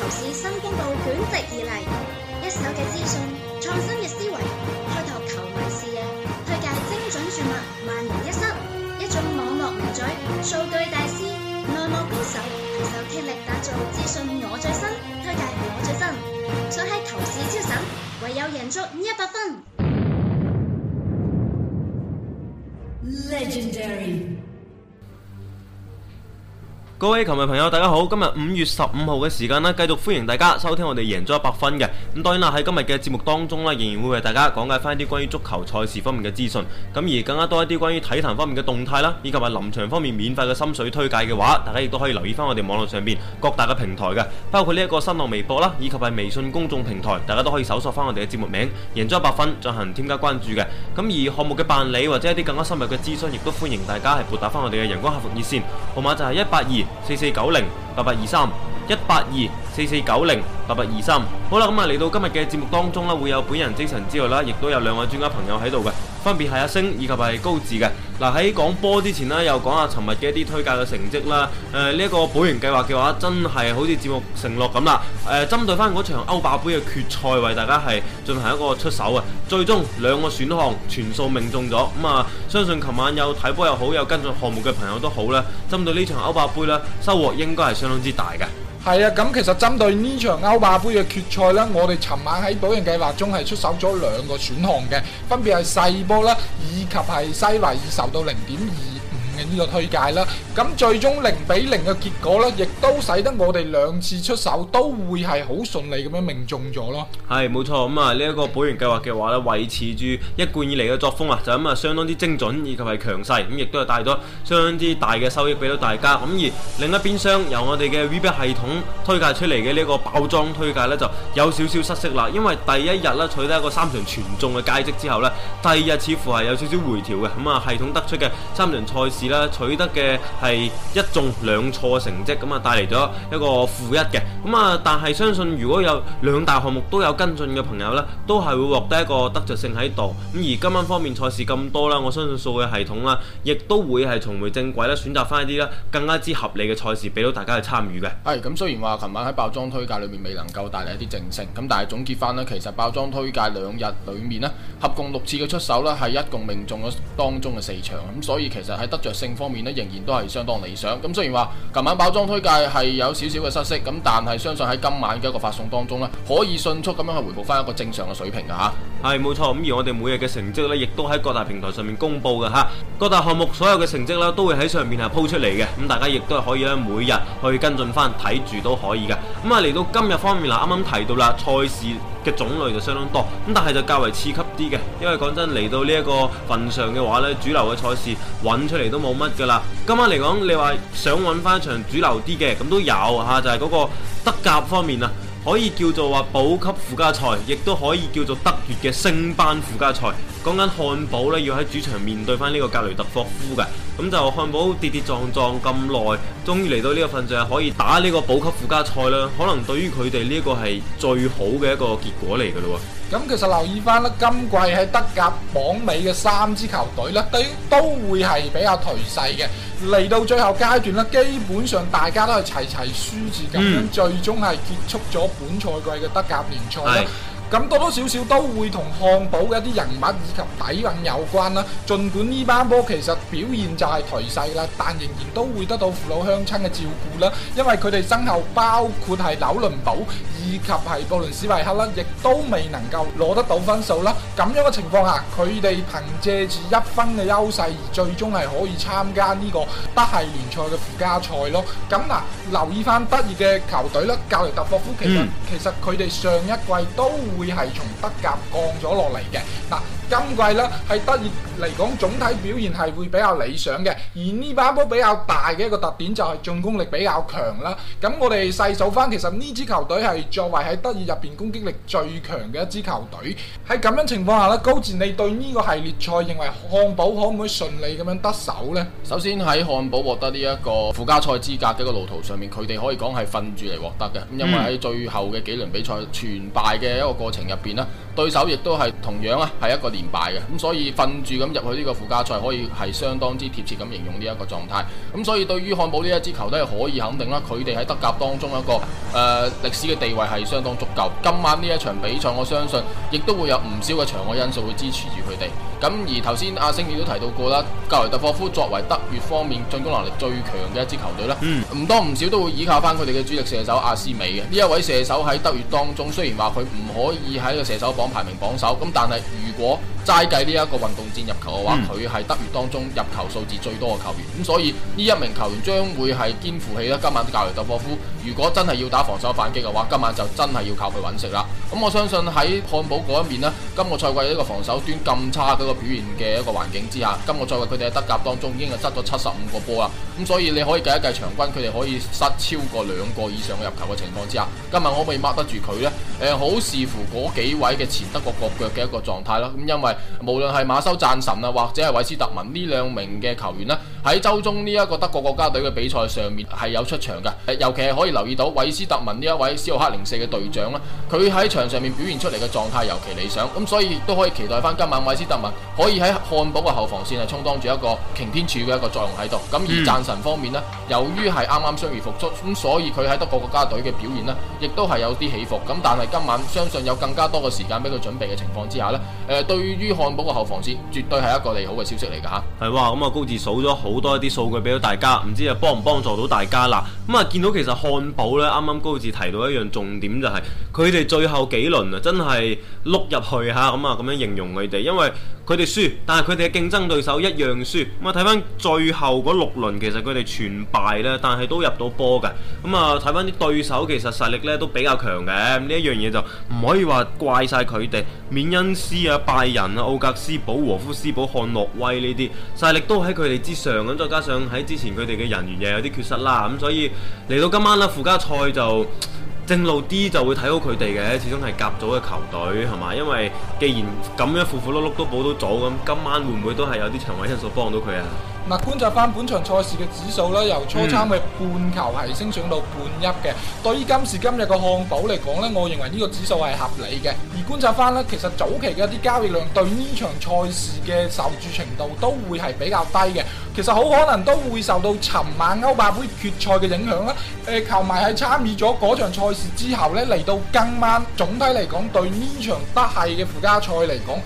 投市新風暴捲席而嚟，一手嘅資訊，創新嘅思維，開拓球迷視野，推介精準注物，萬無一失。一眾網絡名嘴，數據大師，內幕高手，携手傾力打造資訊我最新，推介我最新。想喺投市超神，唯有贏足一百分。Legendary。各位球迷朋友，大家好！今日五月十五號嘅時間啦，繼續歡迎大家收聽我哋贏咗一百分嘅。咁當然啦，喺今日嘅節目當中咧，仍然會為大家講解翻一啲關於足球賽事方面嘅資訊。咁而更加多一啲關於體壇方面嘅動態啦，以及係臨場方面免費嘅心水推介嘅話，大家亦都可以留意翻我哋網絡上邊各大嘅平台嘅，包括呢一個新浪微博啦，以及係微信公眾平台，大家都可以搜索翻我哋嘅節目名《贏咗一百分》進行添加關注嘅。咁而項目嘅辦理或者一啲更加深入嘅諮詢，亦都歡迎大家係撥打翻我哋嘅人工客服熱線，號碼就係一八二。四四九零八八二三一八二四四九零八八二三，好啦，咁啊嚟到今日嘅節目當中啦，會有本人 Jason 之外啦，亦都有兩位專家朋友喺度嘅。分別係阿星以及係高志嘅嗱，喺、啊、講波之前呢，又講下尋日嘅一啲推介嘅成績啦。誒呢一個保盈計劃嘅話，真係好似節目承諾咁啦。誒、呃、針對翻嗰場歐霸杯嘅決賽，為大家係進行一個出手啊！最終兩個選項全數命中咗，咁、嗯、啊，相信琴晚有睇波又好，有跟進項目嘅朋友都好啦。針對呢場歐霸杯啦，收穫應該係相當之大嘅。係啊，咁其實針對呢場歐霸杯嘅決賽咧，我哋尋晚喺保盈計劃中係出手咗兩個選項嘅，分別係細波啦，以及係西維爾受到零點二。呢個推介啦，咁最終零比零嘅結果咧，亦都使得我哋兩次出手都會係好順利咁樣命中咗咯。係冇錯，咁啊呢一個保盈計劃嘅話咧，維持住一貫以嚟嘅作風啊，就咁啊相當之精準以及係強勢，咁亦都係帶咗相當之大嘅收益俾到大家。咁而另一邊廂，由我哋嘅 VBA 系統推介出嚟嘅呢個包裝推介咧，就有少少失色啦。因為第一日咧取得一個三場全中嘅佳績之後咧，第二日似乎係有少少回調嘅，咁啊系統得出嘅三場賽事。取得嘅係一中兩錯嘅成績，咁啊，帶嚟咗一個負一嘅咁啊，但係相信如果有兩大項目都有跟進嘅朋友呢，都係會獲得一個得着性喺度。咁而今晚方面賽事咁多啦，我相信數據系統啦，亦都會係重回正軌咧，選擇翻一啲呢更加之合理嘅賽事俾到大家去參與嘅。係咁，雖然話琴晚喺爆莊推介裏面未能夠帶嚟一啲正勝，咁但係總結翻呢，其實爆莊推介兩日裏面呢，合共六次嘅出手呢，係一共命中咗當中嘅四場，咁所以其實喺得着。性方面呢，仍然都係相當理想，咁雖然話琴晚包裝推介係有少少嘅失色，咁但係相信喺今晚嘅一個發送當中呢，可以迅速咁樣去回復翻一個正常嘅水平噶吓，係冇錯，咁而我哋每日嘅成績呢，亦都喺各大平台上面公布嘅吓，各大項目所有嘅成績咧，都會喺上面係鋪出嚟嘅，咁大家亦都係可以咧每日去跟進翻睇住都可以噶，咁啊嚟到今日方面啦，啱啱提到啦賽事。嘅種類就相當多，咁但係就較為次級啲嘅，因為講真嚟到呢一個份上嘅話呢，主流嘅賽事揾出嚟都冇乜噶啦。今晚嚟講，你話想揾翻場主流啲嘅，咁都有嚇，就係嗰個德甲方面啊，可以叫做話保級附加賽，亦都可以叫做德乙嘅升班附加賽。講緊漢堡咧，要喺主場面對翻呢個格雷特霍夫嘅，咁就漢堡跌跌撞撞咁耐，終於嚟到呢個份上可以打呢個保級附加賽啦，可能對於佢哋呢個係最好嘅一個結果嚟㗎咯喎。咁其實留意翻啦，今季喺德甲榜尾嘅三支球隊咧，都都會係比較頹勢嘅，嚟到最後階段啦，基本上大家都係齊齊輸字咁樣，最終係結束咗本賽季嘅德甲聯賽。咁多多少少都會同漢堡嘅一啲人物以及底蘊有關啦。儘管呢班波其實表現就係頹勢啦，但仍然都會得到父老鄉親嘅照顧啦。因為佢哋身後包括係紐倫堡以及係布倫斯維克啦，亦都未能夠攞得到分數啦。咁樣嘅情況下，佢哋憑藉住一分嘅優勢而最終係可以參加呢個德甲聯賽嘅附加賽咯。咁嗱，留意翻德乙嘅球隊啦，教練特沃夫奇啦，其實佢哋、嗯、上一季都～會係從德甲降咗落嚟嘅嗱。今季啦，喺德乙嚟講，總體表現係會比較理想嘅。而呢把波比較大嘅一個特點就係進攻力比較強啦。咁我哋細數翻，其實呢支球隊係作為喺德乙入邊攻擊力最強嘅一支球隊。喺咁樣情況下咧，高志，你對呢個系列賽認為漢堡可唔可以順利咁樣得手呢？首先喺漢堡獲得呢一個附加賽資格嘅一個路途上面，佢哋可以講係瞓住嚟獲得嘅。因為喺最後嘅幾輪比賽全敗嘅一個過程入邊啦。嗯對手亦都係同樣啊，係一個連敗嘅，咁所以瞓住咁入去呢個附加賽，可以係相當之貼切咁形容呢一個狀態。咁所以對於漢堡呢一支球隊係可以肯定啦，佢哋喺德甲當中一個誒、呃、歷史嘅地位係相當足夠。今晚呢一場比賽，我相信亦都會有唔少嘅場外因素會支持住佢哋。咁而頭先阿星亦都提到過啦，格雷特霍夫作為德乙方面進攻能力最強嘅一支球隊啦，唔多唔少都會依靠翻佢哋嘅主力射手阿斯美嘅呢一位射手喺德乙當中，雖然話佢唔可以喺個射手榜，排名榜首咁，但係如果齋計呢一個運動戰入球嘅話，佢係德乙當中入球數字最多嘅球員，咁所以呢一名球員將會係肩負起咧今晚嘅格雷特霍夫。如果真係要打防守反擊嘅話，今晚就真係要靠佢揾食啦。咁我相信喺漢堡嗰一面呢，今個賽季一個防守端咁差嘅一個表現嘅一個環境之下，今個賽季佢哋喺德甲當中已經係失咗七十五個波啦。咁所以你可以計一計場均，佢哋可以失超過兩個以上入球嘅情況之下，今日可唔可以 mark 得住佢呢？呃，好視乎嗰幾位嘅前德國國腳嘅一個狀態啦。咁因為無論係馬修贊臣啦，或者係韋斯特文呢兩名嘅球員呢，喺周中呢一個德國國家隊嘅比賽上面係有出場嘅，尤其係可以留意到韋斯特文呢一位斯奧克零四嘅隊長啦，佢喺場上面表現出嚟嘅狀態尤其理想，咁所以都可以期待翻今晚韋斯特文可以喺漢堡嘅後防線係充當住一個擎天柱嘅一個作用喺度，咁而贊神方面呢，由於係啱啱傷愈復出，咁所以佢喺德國國家隊嘅表現呢亦都係有啲起伏，咁但係今晚相信有更加多嘅時間俾佢準備嘅情況之下呢，誒、呃、對於漢堡嘅後防線絕對係一個利好嘅消息嚟㗎嚇。係喎，咁、那、啊、個、高志數咗好多一啲數據俾到大家，唔知啊幫唔幫助到大家啦？咁、嗯、啊見到其實漢堡呢啱啱高志提到一樣重點就係佢哋最後幾輪啊，真係碌入去嚇咁啊，咁樣形容佢哋，因為佢哋輸，但係佢哋嘅競爭對手一樣輸。咁啊睇翻最後嗰六輪，其實佢哋全敗呢，但係都入到波嘅。咁啊睇翻啲對手，其實實力呢都比較強嘅。呢一樣嘢就唔可以話怪晒佢哋。緬恩斯啊、拜仁啊、奧格斯堡、和夫斯堡、漢諾威呢啲實力都喺佢哋之上。咁再加上喺之前佢哋嘅人員又有啲缺失啦，咁所以嚟到今晚啦附加賽就正路啲就會睇好佢哋嘅，始終係甲組嘅球隊係嘛？因為既然咁樣符符碌碌都保到組，咁今晚會唔會都係有啲場位因素幫到佢啊？嗱，觀察翻本場賽事嘅指數咧，由初參嘅半球係升上到半一嘅。嗯、對於今時今日嘅漢堡嚟講咧，我認為呢個指數係合理嘅。而觀察翻咧，其實早期嘅一啲交易量對呢場賽事嘅受注程度都會係比較低嘅。其實好可能都會受到尋晚歐霸杯決賽嘅影響啦。誒、呃，球迷喺參與咗嗰場賽事之後咧，嚟到今晚總體嚟講，對呢場德甲嘅附加賽嚟講。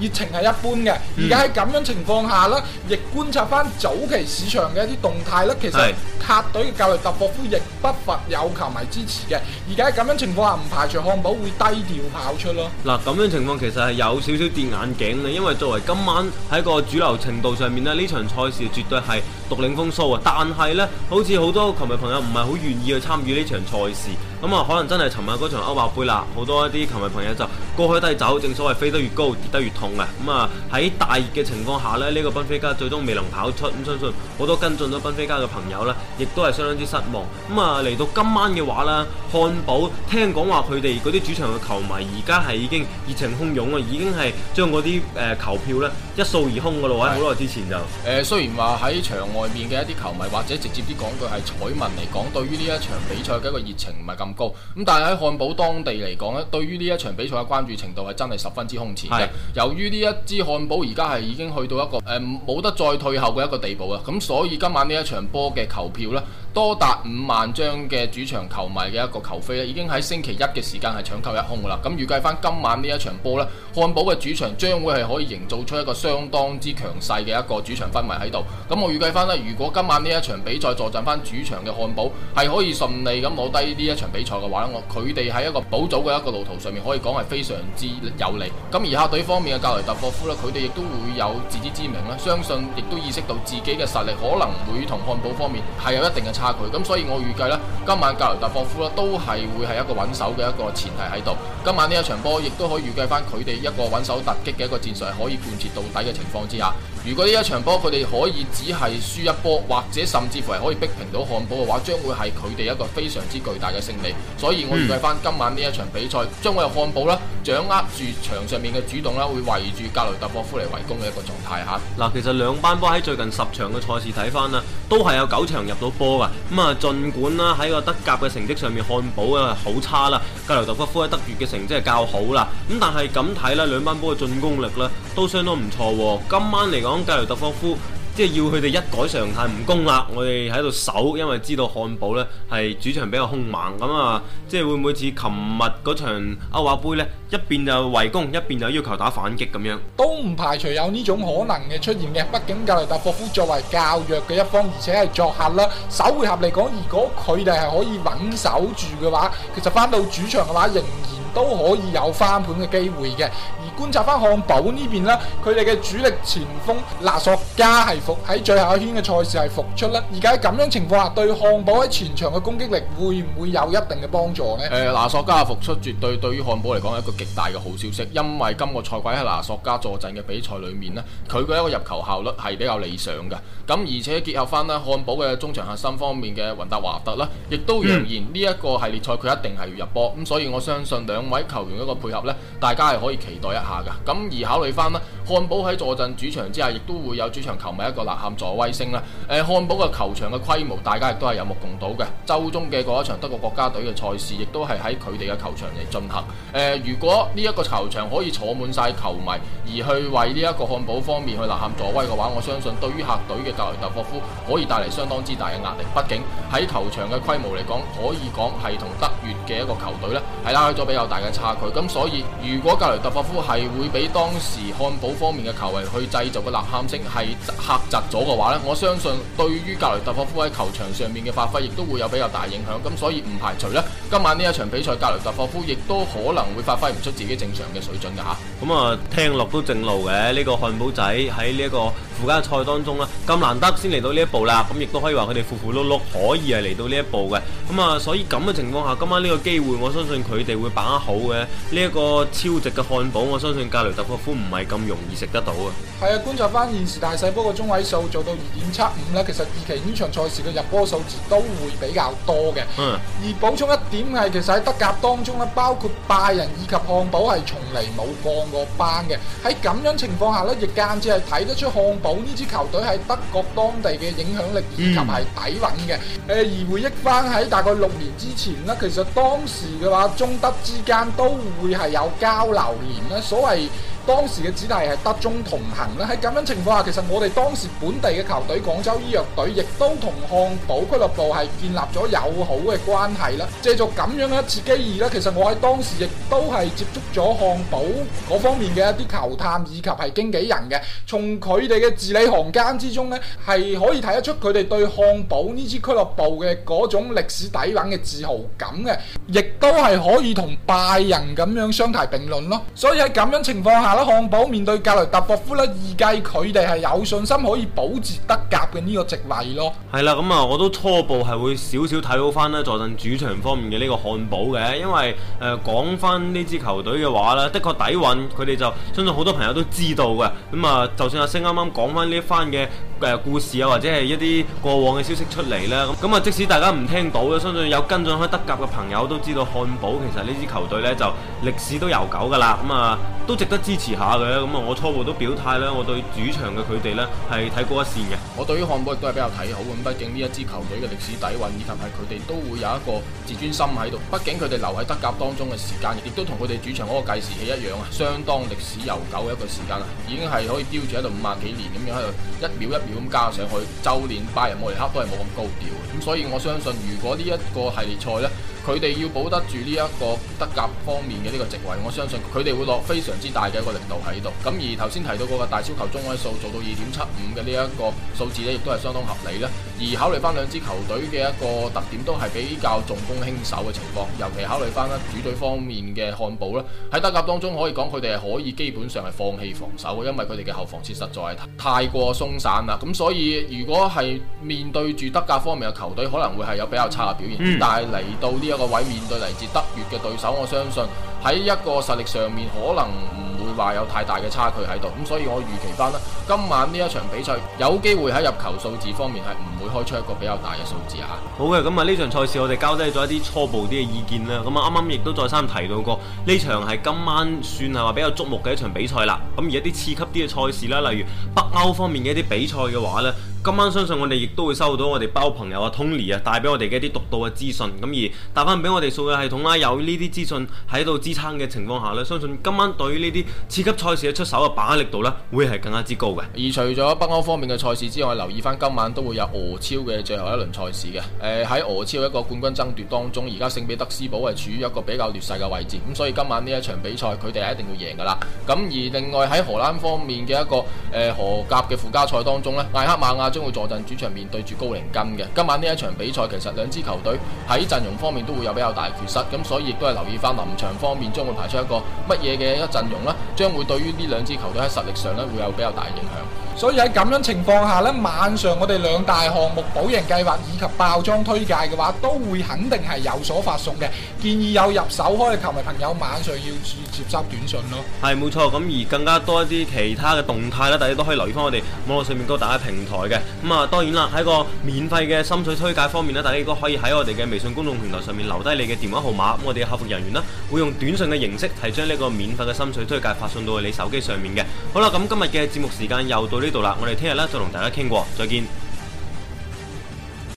熱情係一般嘅，而家喺咁樣情況下呢、嗯、亦觀察翻早期市場嘅一啲動態呢，其實客隊嘅教練特霍夫亦不乏有球迷支持嘅，而家喺咁樣情況下唔排除漢堡會低調跑出咯。嗱，咁樣情況其實係有少少跌眼鏡啦，因為作為今晚喺個主流程度上面咧，呢場賽事絕對係獨領風騷啊！但係呢，好似好多球迷朋友唔係好願意去參與呢場賽事。咁啊、嗯，可能真係尋日嗰場歐霸杯啦，好多一啲球迷朋友就過去低走，正所謂飛得越高跌得越痛嘅。咁啊喺大熱嘅情況下呢呢、呢個賓菲加最終未能跑出，咁、嗯、相信好多跟進咗賓菲加嘅朋友呢，亦都係相當之失望。咁、嗯嗯、啊，嚟到今晚嘅話咧，漢堡聽講話佢哋嗰啲主場嘅球迷而家係已經熱情洶湧啊，已經係將嗰啲、呃、球票呢一掃而空嘅咯，喺好耐之前就。呃、雖然話喺場外面嘅一啲球迷或者直接啲講句係彩民嚟講，對於呢一場比賽嘅一個熱情唔係咁。咁但係喺漢堡當地嚟講呢，對於呢一場比賽嘅關注程度係真係十分之空前嘅。是由於呢一支漢堡而家係已經去到一個呃，冇得再退後嘅一個地步啊，咁所以今晚呢一場波嘅球票呢。多達五萬張嘅主場球迷嘅一個球飛咧，已經喺星期一嘅時間係搶購一空㗎啦。咁預計翻今晚呢一場波呢，漢堡嘅主場將會係可以營造出一個相當之強勢嘅一個主場氛圍喺度。咁我預計翻呢，如果今晚呢一場比賽坐鎮翻主場嘅漢堡係可以順利咁攞低呢一場比賽嘅話咧，我佢哋喺一個保組嘅一個路途上面可以講係非常之有利。咁而客隊方面嘅格雷特霍夫呢，佢哋亦都會有自知之明啦，相信亦都意識到自己嘅實力可能會同漢堡方面係有一定嘅差距咁，所以我預計咧，今晚格雷達博夫啦，都係會係一個穩守嘅一個前提喺度。今晚呢一場波，亦都可以預計翻佢哋一個穩守突擊嘅一個戰術，係可以貫徹到底嘅情況之下。如果呢一場波佢哋可以只係輸一波，或者甚至乎係可以逼平到漢堡嘅話，將會係佢哋一個非常之巨大嘅勝利。所以我預計翻今晚呢一場比賽，將會係漢堡啦掌握住場上面嘅主動啦，會圍住格雷特伯夫嚟圍攻嘅一個狀態嚇。嗱，其實兩班波喺最近十場嘅賽事睇翻啦，都係有九場入到波㗎。咁啊，儘管啦喺個德甲嘅成績上面，漢堡啊好差啦，格雷特伯夫喺德乙嘅成績係較好啦。咁但係咁睇啦，兩班波嘅進攻力咧都相當唔錯。今晚嚟講。格雷特霍夫即係要佢哋一改常態，唔攻啦，我哋喺度守，因為知道漢堡呢係主場比較兇猛咁啊，即係會唔會似琴日嗰場歐亞盃呢，一邊就圍攻，一邊就要求打反擊咁樣？都唔排除有呢種可能嘅出現嘅，畢竟格雷特霍夫作為較弱嘅一方，而且係作客啦，首回合嚟講，如果佢哋係可以穩守住嘅話，其實翻到主場嘅話，仍然都可以有翻盤嘅機會嘅。觀察翻漢堡呢邊啦，佢哋嘅主力前鋒拿索加係復喺最後一圈嘅賽事係複出啦。而家咁樣情況下，對漢堡喺前場嘅攻擊力會唔會有一定嘅幫助呢？誒、呃，拿索加嘅複出絕對對於漢堡嚟講係一個極大嘅好消息，因為今個賽季喺拿索加坐陣嘅比賽裏面呢，佢嘅一個入球效率係比較理想嘅。咁而且結合翻呢漢堡嘅中場核心方面嘅雲達華特啦，亦都揚言呢一個系列賽佢一定係要入波。咁所以我相信兩位球員一個配合呢，大家係可以期待一。下嘅，咁而考慮翻啦，漢堡喺坐鎮主場之下，亦都會有主場球迷一個呐喊助威聲啦。誒、呃，漢堡嘅球場嘅規模，大家亦都係有目共睹嘅。週中嘅嗰一場德國國家隊嘅賽事，亦都係喺佢哋嘅球場嚟進行。誒、呃，如果呢一個球場可以坐滿晒球迷，而去為呢一個漢堡方面去呐喊助威嘅話，我相信對於客隊嘅格雷特霍夫可以帶嚟相當之大嘅壓力。畢竟喺球場嘅規模嚟講，可以講係同德乙嘅一個球隊呢係拉開咗比較大嘅差距。咁所以，如果格雷特霍夫係係會俾當時漢堡方面嘅球迷去製造嘅呐喊聲係吓窒咗嘅話咧，我相信對於格雷特霍夫喺球場上面嘅發揮，亦都會有比較大影響。咁所以唔排除呢今晚呢一場比賽格雷特霍夫亦都可能會發揮唔出自己正常嘅水準㗎吓。咁啊，聽落都正路嘅呢個漢堡仔喺呢一個。附加賽當中咧，咁難得先嚟到呢一步啦，咁亦都可以話佢哋符符碌碌可以係嚟到呢一步嘅，咁啊，所以咁嘅情況下，今晚呢個機會，我相信佢哋會把握好嘅。呢、這、一個超值嘅漢堡，我相信格雷特科夫唔係咁容易食得到啊。係啊，觀察返現時大細波個中位數做到二點七五咧，其實二期呢場賽事嘅入波數字都會比較多嘅。嗯。而補充一點係，其實喺德甲當中呢，包括拜仁以及漢堡係從嚟冇降過班嘅。喺咁樣的情況下呢，亦間接係睇得出漢堡。講呢支球隊喺德國當地嘅影響力以及係底韻嘅，誒而回憶翻喺大概六年之前咧，其實當時嘅話中德之間都會係有交流聯啦，所謂。當時嘅主題係德中同行啦，喺咁樣情況下，其實我哋當時本地嘅球隊廣州醫藥隊亦都同漢堡俱樂部係建立咗友好嘅關係啦。借助咁樣嘅一次機遇啦，其實我喺當時亦都係接觸咗漢堡嗰方面嘅一啲球探以及係經紀人嘅，從佢哋嘅字裡行間之中咧，係可以睇得出佢哋對漢堡呢支俱樂部嘅嗰種歷史底蘊嘅自豪感嘅，亦都係可以同拜仁咁樣相提並論咯。所以喺咁樣情況下。漢堡面對格雷塔博夫呢，預計佢哋係有信心可以保住德甲嘅呢個席位咯。係啦，咁啊，我都初步係會少少睇好翻呢坐鎮主場方面嘅呢個漢堡嘅，因為誒講翻呢支球隊嘅話呢，的確底蘊佢哋就相信好多朋友都知道嘅。咁啊，就算阿星啱啱講翻呢一番嘅誒故事啊，或者係一啲過往嘅消息出嚟咧，咁咁啊，即使大家唔聽到，相信有跟進開德甲嘅朋友都知道漢堡其實呢支球隊呢就歷史都悠久噶啦，咁啊都值得支持。下嘅咁啊，我初步都表態咧，我對主場嘅佢哋咧係睇高一線嘅。我對於漢堡亦都係比較睇好咁，畢竟呢一支球隊嘅歷史底蘊以及係佢哋都會有一個自尊心喺度。畢竟佢哋留喺德甲當中嘅時間亦都同佢哋主場嗰個計時器一樣啊，相當歷史悠久嘅一個時間啦，已經係可以標住喺度五十幾年咁樣喺度一秒一秒咁加上去。就連拜仁慕尼黑都係冇咁高調嘅，咁所以我相信，如果呢一個系列賽咧。佢哋要保得住呢一個德甲方面嘅呢個席位，我相信佢哋會落非常之大嘅一個力度喺度。咁而頭先提到嗰個大細球中位數做到二點七五嘅呢一個數字咧，亦都係相當合理啦。而考慮翻兩支球隊嘅一個特點都係比較重攻輕守嘅情況，尤其考慮翻啦主隊方面嘅漢堡啦，喺德甲當中可以講，佢哋係可以基本上係放棄防守嘅，因為佢哋嘅後防線實在係太過鬆散啦。咁所以如果係面對住德甲方面嘅球隊可能會係有比較差嘅表現，嗯、但係嚟到呢、這、一、個個位面對嚟自德乙嘅對手，我相信喺一個實力上面可能唔會話有太大嘅差距喺度，咁所以我預期翻啦，今晚呢一場比賽有機會喺入球數字方面係唔會開出一個比較大嘅數字吓！好嘅，咁啊呢場賽事我哋交低咗一啲初步啲嘅意見啦，咁啊啱啱亦都再三提到過呢場係今晚算係話比較矚目嘅一場比賽啦，咁而一啲次級啲嘅賽事啦，例如北歐方面嘅一啲比賽嘅話呢。今晚相信我哋亦都會收到我哋包朋友啊 Tony 啊，帶俾我哋嘅一啲獨到嘅資訊，咁而帶翻俾我哋數據系統啦，有呢啲資訊喺度支撐嘅情況下呢，相信今晚對呢啲次級賽事嘅出手嘅把握力度呢，會係更加之高嘅。而除咗北歐方、方面嘅賽事之外，留意翻今晚都會有俄超嘅最後一輪賽事嘅。誒、呃、喺俄超一個冠軍爭奪當中，而家聖彼得斯堡係處於一個比較劣勢嘅位置，咁所以今晚呢一場比賽佢哋係一定要贏噶啦。咁而另外喺荷蘭方面嘅一個誒荷、呃、甲嘅附加賽當中呢。艾克馬亞。將會坐鎮主場面對住高齡金嘅。今晚呢一場比賽，其實兩支球隊喺陣容方面都會有比較大嘅缺失，咁所以亦都係留意翻臨場方面將會排出一個乜嘢嘅一陣容啦，將會對於呢兩支球隊喺實力上咧會有比較大嘅影響。所以喺咁樣情況下呢，晚上我哋兩大項目保盈計劃以及爆裝推介嘅話，都會肯定係有所發送嘅。建議有入手開嘅球迷朋友晚上要接接收短信咯。係冇錯，咁而更加多一啲其他嘅動態咧，大家都可以留意翻我哋網絡上面各大啲平台嘅。咁啊，當然啦，喺個免費嘅心水推介方面呢，大家亦都可以喺我哋嘅微信公眾平台上面留低你嘅電話號碼，咁我哋嘅客服人員啦會用短信嘅形式係將呢個免費嘅心水推介發送到去你手機上面嘅。好啦，咁今日嘅節目時間又到呢。呢度啦，我哋聽日咧再同大家傾過，再見。